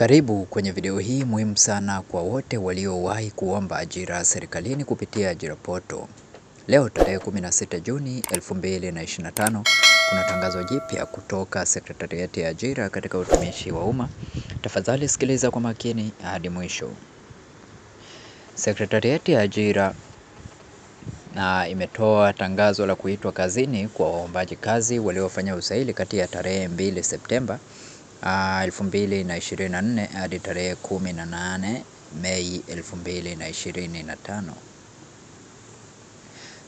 Karibu kwenye video hii muhimu sana kwa wote waliowahi kuomba ajira serikalini kupitia ajira poto. Leo tarehe 16 Juni 2025 kuna tangazo jipya kutoka Sekretarieti ya Ajira katika Utumishi wa Umma. Tafadhali sikiliza kwa makini hadi mwisho. Sekretarieti ya Ajira na imetoa tangazo la kuitwa kazini kwa waombaji kazi waliofanya usaili kati ya tarehe 2 Septemba 2024 ah, hadi tarehe 18 Mei 2025.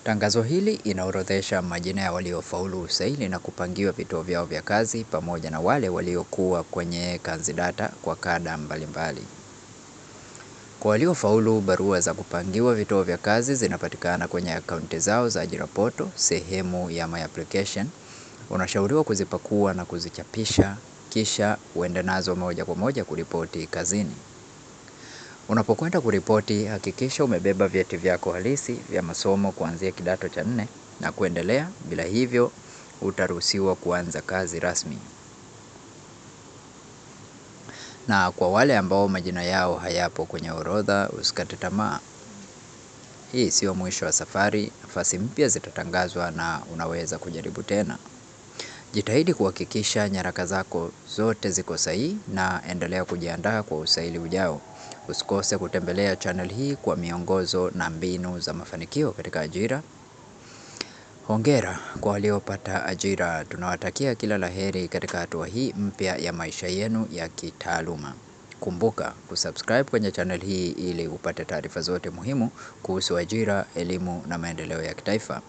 Tangazo hili inaorodhesha majina ya waliofaulu usaili na kupangiwa vituo vyao vya kazi pamoja na wale waliokuwa kwenye kanzidata kwa kada mbalimbali. Kwa waliofaulu, barua za kupangiwa vituo vya kazi zinapatikana kwenye akaunti zao za Ajira sehemu ya My Application. Unashauriwa kuzipakua na kuzichapisha kisha uende nazo moja kwa moja kuripoti kazini. Unapokwenda kuripoti, hakikisha umebeba vyeti vyako halisi vya masomo kuanzia kidato cha nne na kuendelea, bila hivyo utaruhusiwa kuanza kazi rasmi. Na kwa wale ambao majina yao hayapo kwenye orodha, usikate tamaa. Hii sio mwisho wa safari, nafasi mpya zitatangazwa na unaweza kujaribu tena. Jitahidi kuhakikisha nyaraka zako zote ziko sahihi na endelea kujiandaa kwa usaili ujao. Usikose kutembelea channel hii kwa miongozo na mbinu za mafanikio katika ajira. Hongera kwa waliopata ajira tunawatakia kila la heri katika hatua hii mpya ya maisha yenu ya kitaaluma. Kumbuka kusubscribe kwenye channel hii ili upate taarifa zote muhimu kuhusu ajira, elimu na maendeleo ya kitaifa.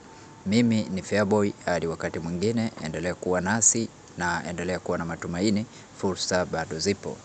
Mimi ni Feaboy hadi wakati mwingine, endelea kuwa nasi na endelea kuwa na matumaini, fursa bado zipo.